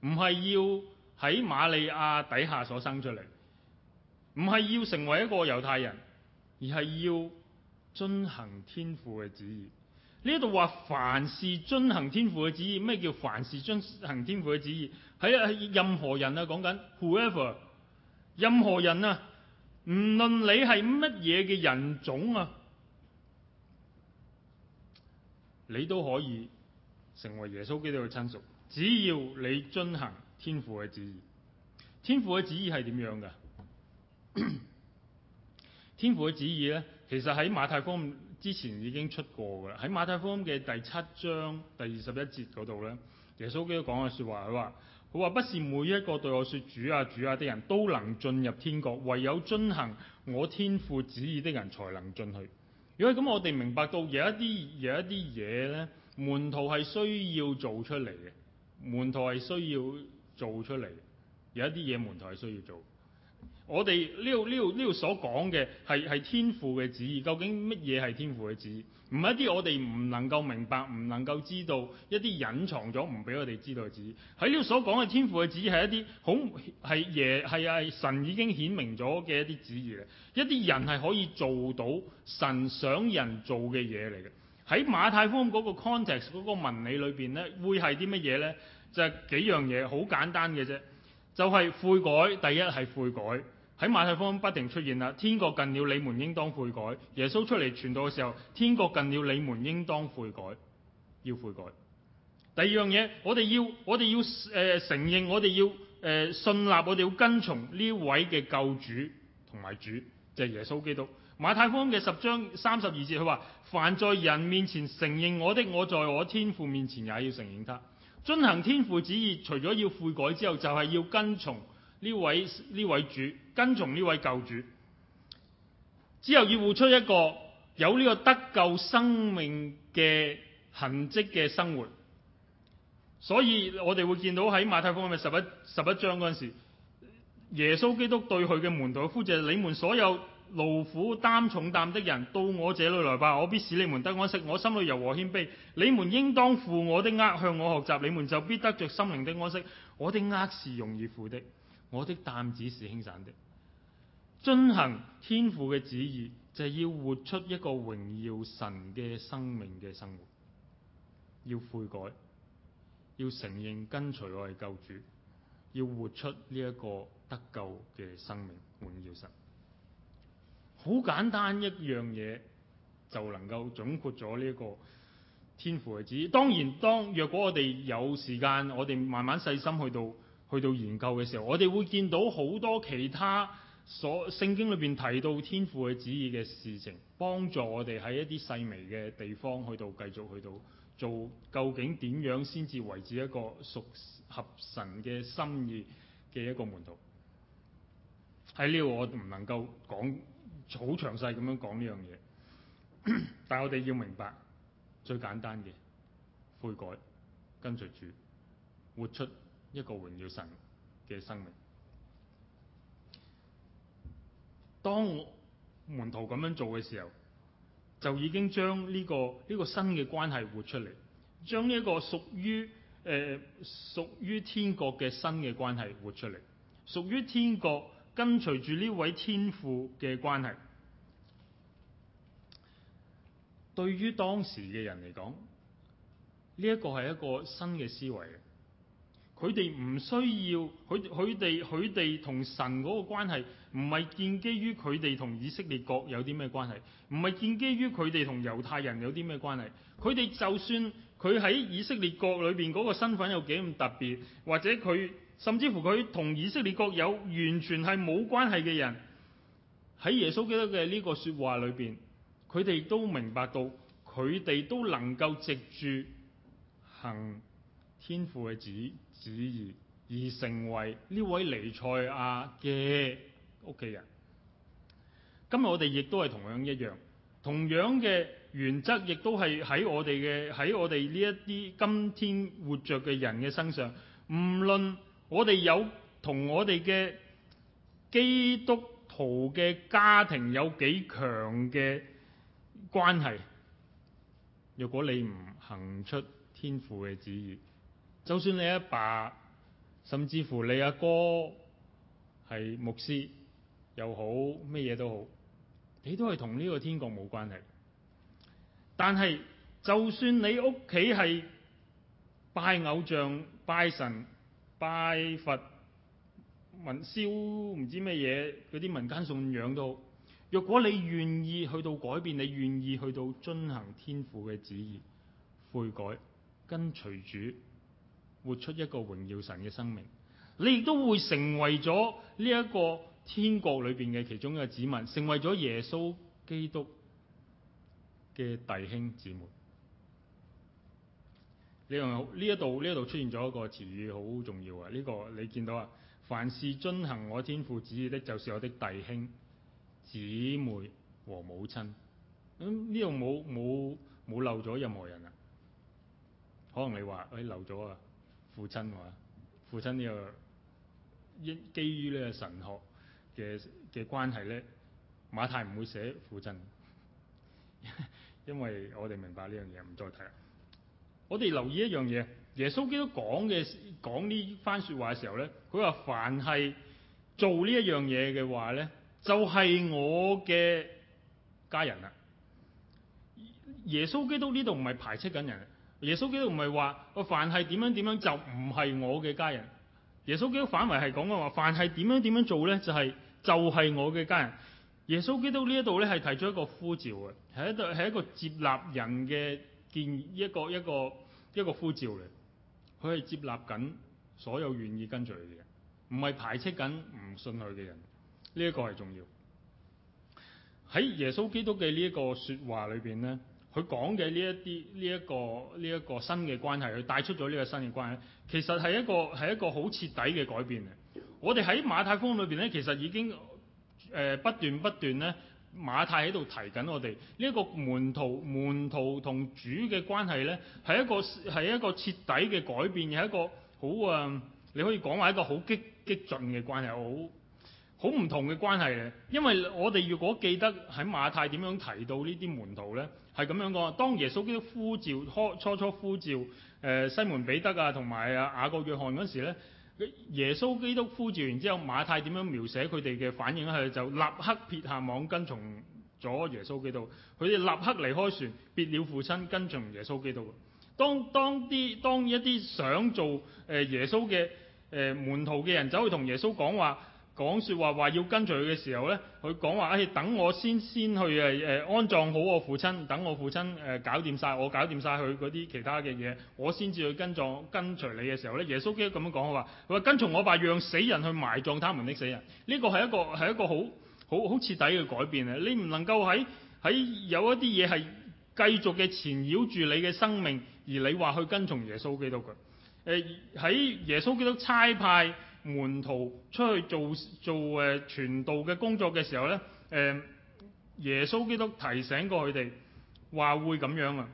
唔係要喺瑪利亞底下所生出嚟，唔係要成為一個猶太人，而係要遵行天父嘅旨意。呢度話，凡事遵行天父嘅旨意，咩叫凡事遵行天父嘅旨意？係啊，任何人啊，講緊 whoever 任何人啊，唔論你係乜嘢嘅人種啊，你都可以成為耶穌基督嘅親屬，只要你遵行天父嘅旨意。天父嘅旨意係點樣嘅？ 天父嘅旨意咧，其實喺馬太福音之前已經出過噶啦。喺馬太福音嘅第七章第二十一節嗰度咧，耶穌基督講嘅說話，佢話。佢話：不是每一個對我說「主啊主啊」的人，都能進入天國。唯有遵行我天父旨意的人，才能進去。如果咁，我哋明白到有一啲有一啲嘢咧，門徒係需要做出嚟嘅，門徒係需要做出嚟嘅。有一啲嘢，門徒係需要做。我哋呢度呢度呢度所講嘅係係天父嘅旨意，究竟乜嘢係天父嘅旨意？唔係一啲我哋唔能夠明白、唔能夠知道一啲隱藏咗唔俾我哋知道嘅旨意。喺呢度所講嘅天父嘅旨意係一啲好係耶係神已經顯明咗嘅一啲旨意咧，一啲人係可以做到神想人做嘅嘢嚟嘅。喺馬太福音嗰個 context 嗰個文理裏面咧，會係啲乜嘢咧？就係、是、幾樣嘢好簡單嘅啫，就係、是、悔改。第一係悔改。喺馬太福音不停出現啦，天國近了，你們應當悔改。耶穌出嚟傳道嘅時候，天國近了，你們應當悔改，要悔改。第二樣嘢，我哋要我哋要誒、呃、承認，我哋要誒、呃、信納，我哋要跟從呢位嘅救主同埋主，主，就係、是、耶穌基督。馬太福音嘅十章三十二節，佢話：凡在人面前承認我的，我在我天父面前也要承認他。遵行天父旨意，除咗要悔改之後，就係、是、要跟從。呢位呢位主跟從呢位舊主，之後要活出一個有呢個得救生命嘅痕跡嘅生活。所以我哋會見到喺馬太福音嘅十一十一章嗰陣時，耶穌基督對佢嘅門徒嘅呼召：你們所有勞苦擔重擔的人，到我這裏來吧，我必使你們得安息。我心裏柔和謙卑，你們應當負我的軛，向我學習，你們就必得着心靈的安息。我的軛是容易負的。我的擔子是輕省的，遵行天父嘅旨意，就係、是、要活出一個榮耀神嘅生命嘅生活，要悔改，要承認跟隨我哋救主，要活出呢一個得救嘅生命，榮耀神。好簡單一樣嘢就能夠總括咗呢個天父嘅旨意。當然，當若果我哋有時間，我哋慢慢細心去到。去到研究嘅時候，我哋會見到好多其他所聖經裏邊提到天父嘅旨意嘅事情，幫助我哋喺一啲細微嘅地方去到繼續去到做，究竟點樣先至維持一個屬合神嘅心意嘅一個門徒？喺呢度我唔能夠講好詳細咁樣講呢樣嘢，但係我哋要明白最簡單嘅悔改，跟隨主，活出。一個榮耀神嘅生命，當我門徒咁樣做嘅時候，就已經將呢個呢個新嘅關係活出嚟，將呢個屬於誒屬於天國嘅新嘅關係活出嚟，屬於天國跟隨住呢位天父嘅關係，對於當時嘅人嚟講，呢一個係一個新嘅思維。佢哋唔需要，佢佢哋佢哋同神嗰個關係，唔係不是建基於佢哋同以色列國有啲咩關係，唔係建基於佢哋同猶太人有啲咩關係，佢哋就算佢喺以色列國裏邊嗰個身份有幾咁特別，或者佢甚至乎佢同以色列國有完全係冇關係嘅人，喺耶穌基督嘅呢個說話裏邊，佢哋都明白到，佢哋都能夠藉住行天父嘅旨意旨意而成為呢位彌賽亞嘅屋企人。今日我哋亦都係同樣一樣，同樣嘅原則也是在的，亦都係喺我哋嘅喺我哋呢一啲今天活着嘅人嘅身上。唔論我哋有同我哋嘅基督徒嘅家庭有幾強嘅關係，若果你唔行出天父嘅旨意，就算你阿爸，甚至乎你阿哥係牧師又好，咩嘢都好，你都係同呢個天國冇關係。但係，就算你屋企係拜偶像、拜神、拜佛、文不民燒唔知咩嘢嗰啲民間信仰都好，若果你願意去到改變，你願意去到遵行天父嘅旨意，悔改跟隨主。活出一個榮耀神嘅生命，你亦都會成為咗呢一個天國裏邊嘅其中一個子民，成為咗耶穌基督嘅弟兄姊妹。你用呢一度呢一度出現咗一個詞語好重要啊！呢個你見到啊，凡是遵行我天父旨意的，就是我的弟兄姊妹和母親。咁呢度冇冇冇漏咗任何人啊？可能你話誒漏咗啊？父親喎，父親呢，這個應基於咧神學嘅嘅關係咧，馬太唔會寫父親，因為我哋明白呢樣嘢，唔再提啦。我哋留意一樣嘢，耶穌基督講嘅講呢番説話嘅時候咧，佢話凡係做呢一樣嘢嘅話咧，就係我嘅家人啦。耶穌基督呢度唔係排斥緊人。耶穌基督唔係話個凡係點樣點樣就唔係我嘅家人，耶穌基督反為係講嘅話，凡係點樣點樣做咧就係就係我嘅家人。耶穌基督呢一度咧係提出一個呼召嘅，係一係一個接納人嘅建議，一個一個一個呼召嚟，佢係接納緊所有願意跟住佢嘅人，唔係排斥緊唔信佢嘅人，呢一個係重要。喺耶穌基督嘅呢一個說話裏邊咧。佢講嘅呢一啲呢一個呢一個新嘅關係，佢帶出咗呢個新嘅關係，其實係一個係一個好徹底嘅改變嘅。我哋喺馬太福音裏面咧，其實已經、呃、不斷不斷咧，馬太喺度提緊我哋呢一個門徒門徒同主嘅關係咧，係一個係一個徹底嘅改變，係一個好啊！你可以講話一個好激激進嘅關係，好。好唔同嘅關係嚟。因為我哋如果記得喺馬太點樣提到呢啲門徒呢，係咁樣講：當耶穌基督呼召初初呼召西門彼得啊，同埋啊雅各約翰嗰時呢，耶穌基督呼召完之後，馬太點樣描寫佢哋嘅反應咧？係就立刻撇下網跟從咗耶穌基督，佢哋立刻離開船，別了父親，跟從耶穌基督。當當啲當一啲想做耶穌嘅、呃、門徒嘅人走去同耶穌講話，講說話話要跟隨佢嘅時候呢，佢講話：，誒，等我先先去誒誒、呃、安葬好我父親，等我父親誒、呃、搞掂晒，我搞掂晒佢嗰啲其他嘅嘢，我先至去跟葬跟隨你嘅時候呢，耶穌基督咁樣講，佢話：，佢話跟從我吧，讓死人去埋葬他們啲死人。呢、這個係一個係一個好好好徹底嘅改變啊！你唔能夠喺喺有一啲嘢係繼續嘅纏繞住你嘅生命，而你話去跟從耶穌基督佢。誒、呃，喺耶穌基督差派。門徒出去做做誒傳、呃、道嘅工作嘅時候呢、呃，耶穌基督提醒過佢哋話會咁樣啊。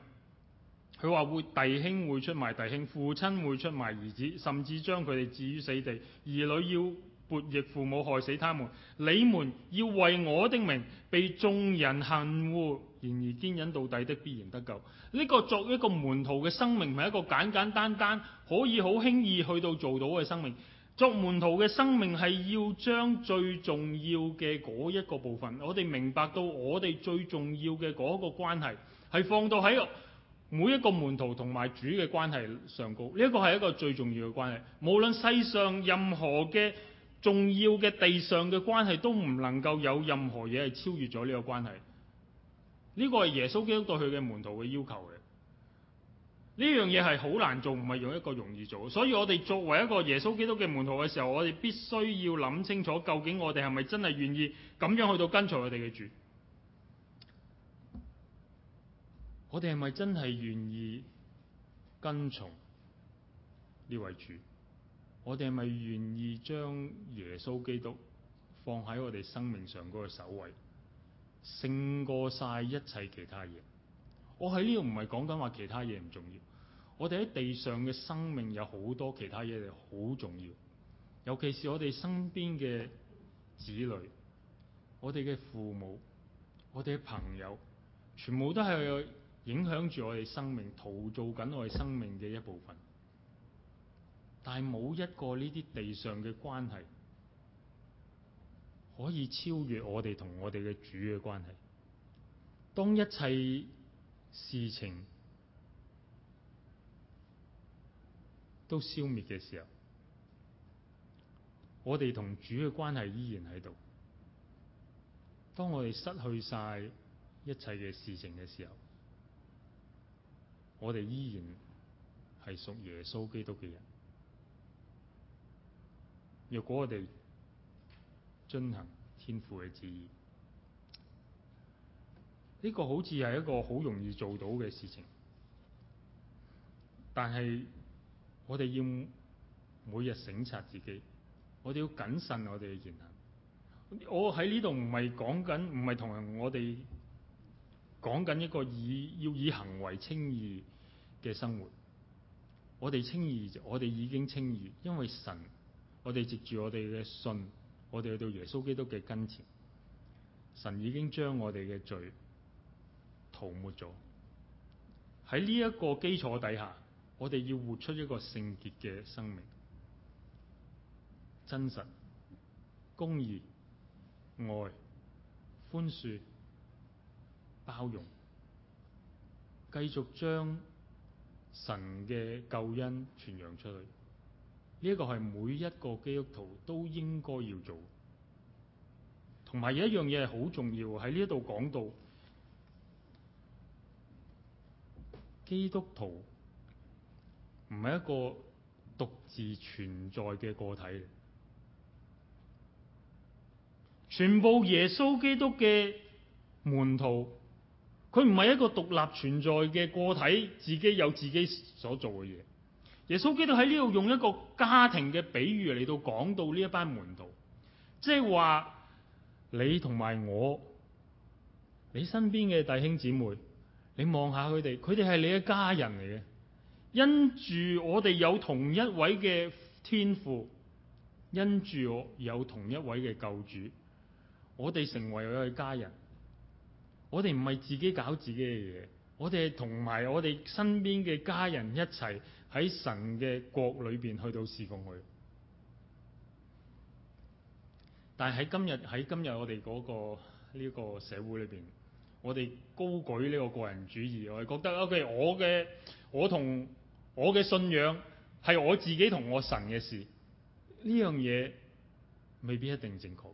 佢話會弟兄會出賣弟兄，父親會出賣兒子，甚至將佢哋置於死地。兒女要背逆父母，害死他們。你們要為我的名被眾人恨惡，然而堅忍到底的必然得救。呢、這個作為一個門徒嘅生命唔係一個簡簡單單可以好輕易去到做到嘅生命。作門徒嘅生命係要將最重要嘅嗰一個部分，我哋明白到我哋最重要嘅嗰一個關係，係放到喺每一個門徒同埋主嘅關係上高。呢一個係一個最重要嘅關係，無論世上任何嘅重要嘅地上嘅關係都唔能夠有任何嘢係超越咗呢個關係。呢個係耶穌基督對佢嘅門徒嘅要求嚟。呢樣嘢係好難做，唔係用一個容易做。所以我哋作為一個耶穌基督嘅門徒嘅時候，我哋必須要諗清楚，究竟我哋係咪真係願意咁樣去到跟隨我哋嘅主？我哋係咪真係願意跟從呢位主？我哋係咪願意將耶穌基督放喺我哋生命上嗰個首位，勝過晒一切其他嘢？我喺呢度唔係講緊話其他嘢唔重要，我哋喺地上嘅生命有好多其他嘢係好重要，尤其是我哋身邊嘅子女，我哋嘅父母、我哋嘅朋友，全部都係影響住我哋生命、陶造緊我哋生命嘅一部分。但係冇一個呢啲地上嘅關係可以超越我哋同我哋嘅主嘅關係。當一切事情都消滅嘅時候，我哋同主嘅關係依然喺度。當我哋失去晒一切嘅事情嘅時候，我哋依然係屬耶穌基督嘅人。若果我哋遵行天父嘅旨意。呢個好似係一個好容易做到嘅事情，但係我哋要每日省察自己，我哋要謹慎我哋嘅言行。我喺呢度唔係講緊，唔係同人我哋講緊一個以要以行為稱義嘅生活。我哋稱義，我哋已經稱義，因為神，我哋藉住我哋嘅信，我哋去到耶穌基督嘅跟前，神已經將我哋嘅罪，塗抹咗，喺呢一個基礎底下，我哋要活出一個聖潔嘅生命，真實、公義、愛、寬恕、包容，繼續將神嘅救恩傳揚出去。呢個係每一個基督徒都應該要做。同埋有一樣嘢好重要喺呢度講到。基督徒唔係一個獨自存在嘅個體，全部耶穌基督嘅門徒，佢唔係一個獨立存在嘅個體，自己有自己所做嘅嘢。耶穌基督喺呢度用一個家庭嘅比喻嚟到講到呢一班門徒，即係話你同埋我，你身邊嘅弟兄姊妹。你望下佢哋，佢哋係你嘅家人嚟嘅。因住我哋有同一位嘅天父，因住我有同一位嘅救主，我哋成為我哋嘅家人。我哋唔係自己搞自己嘅嘢，我哋係同埋我哋身邊嘅家人一齊喺神嘅國裏邊去到侍奉佢。但係喺今日喺今日我哋嗰個呢個社會裏邊。我哋高舉呢個個人主義，我哋覺得 OK 我嘅我同我嘅信仰係我自己同我神嘅事，呢樣嘢未必一定正確。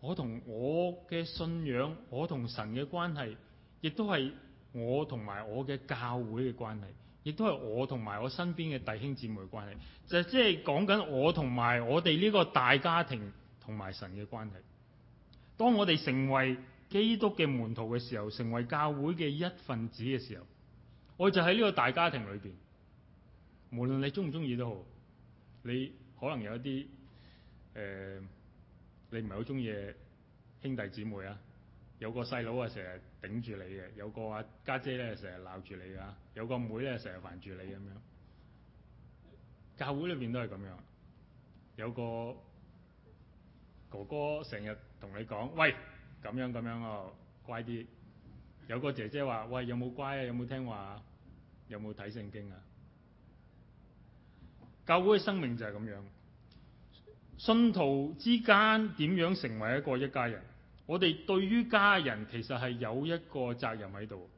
我同我嘅信仰，我同神嘅關係，亦都係我同埋我嘅教會嘅關係，亦都係我同埋我身邊嘅弟兄姊妹嘅關係，就即係講緊我同埋我哋呢個大家庭同埋神嘅關係。當我哋成為。基督嘅門徒嘅時候，成為教會嘅一份子嘅時候，我就喺呢個大家庭裏邊。無論你中唔中意都好，你可能有一啲誒、呃，你唔係好中意嘅兄弟姊妹啊。有個細佬啊，成日頂住你嘅；有個啊家姐咧，成日鬧住你啊；有個妹咧，成日煩住你咁樣。教會裏邊都係咁樣，有個哥哥成日同你講：喂！咁樣咁樣啊、哦，乖啲。有個姐姐話：喂，有冇乖啊？有冇聽話啊？有冇睇聖經啊？教會嘅生命就係咁樣，信徒之間點樣成為一個一家人？我哋對於家人其實係有一個責任喺度。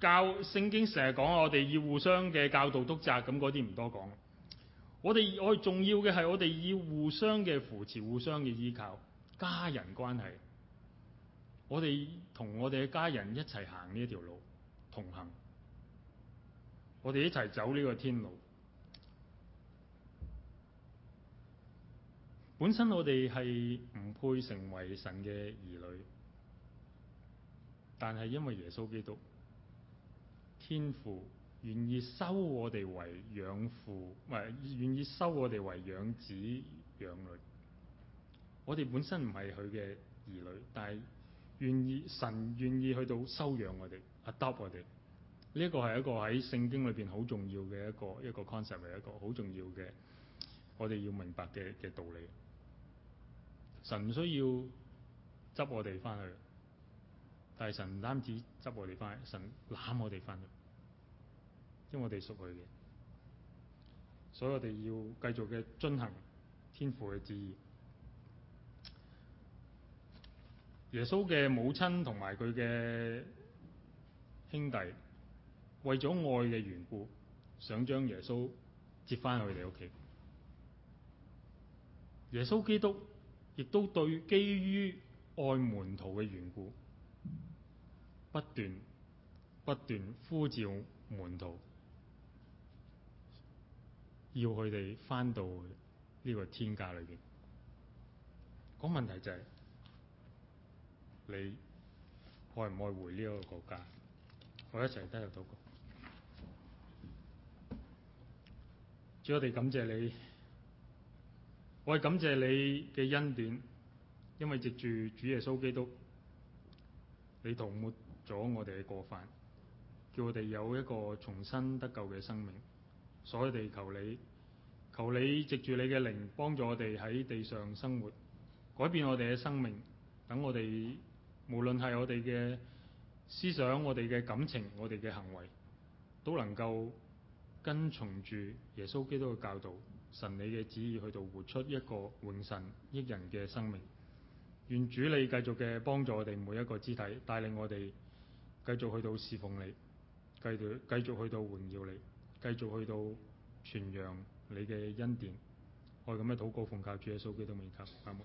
教聖經成日講我哋要互相嘅教導督責，咁嗰啲唔多講。我哋重要嘅係我哋要互相嘅扶持，互相嘅依靠，家人關係。我哋同我哋嘅家人一齊行呢條路，同行。我哋一齊走呢個天路。本身我哋係唔配成為神嘅兒女，但係因為耶穌基督，天父願意收我哋為養父，唔、呃、係願意收我哋為養子養女。我哋本身唔係佢嘅兒女，但係。願意神願意去到收養我哋，adopt 我哋，呢個係一個喺聖經裏面好重要嘅一個一個 concept，係一個好重要嘅，我哋要明白嘅嘅道理。神需要執我哋翻去，但係神唔單止執我哋翻去，神攬我哋翻去，因為我哋屬佢嘅，所以我哋要繼續嘅遵行天父嘅旨意。耶穌嘅母親同埋佢嘅兄弟，為咗愛嘅緣故，想將耶穌接返去佢哋屋企。耶穌基督亦都對基於愛門徒嘅緣故，不斷不斷呼召門徒，要佢哋翻到呢個天家裏面。個問題就係、是。你愛唔愛回呢一個國家？我一齊得入禱告。主，我哋感謝你，我係感謝你嘅恩典，因為藉住主耶穌基督，你塗抹咗我哋嘅過犯，叫我哋有一個重新得救嘅生命。所以，我哋求你，求你藉住你嘅靈，幫助我哋喺地上生活，改變我哋嘅生命，等我哋。無論係我哋嘅思想、我哋嘅感情、我哋嘅行為，都能夠跟從住耶穌基督嘅教導、神你嘅旨意去到活出一個永神益人嘅生命。願主你繼續嘅幫助我哋每一個肢體，帶領我哋繼續去到侍奉你，繼續繼續去到榮耀你，繼續去到傳揚你嘅恩典。我咁樣禱告奉靠主耶穌基督名求，阿門。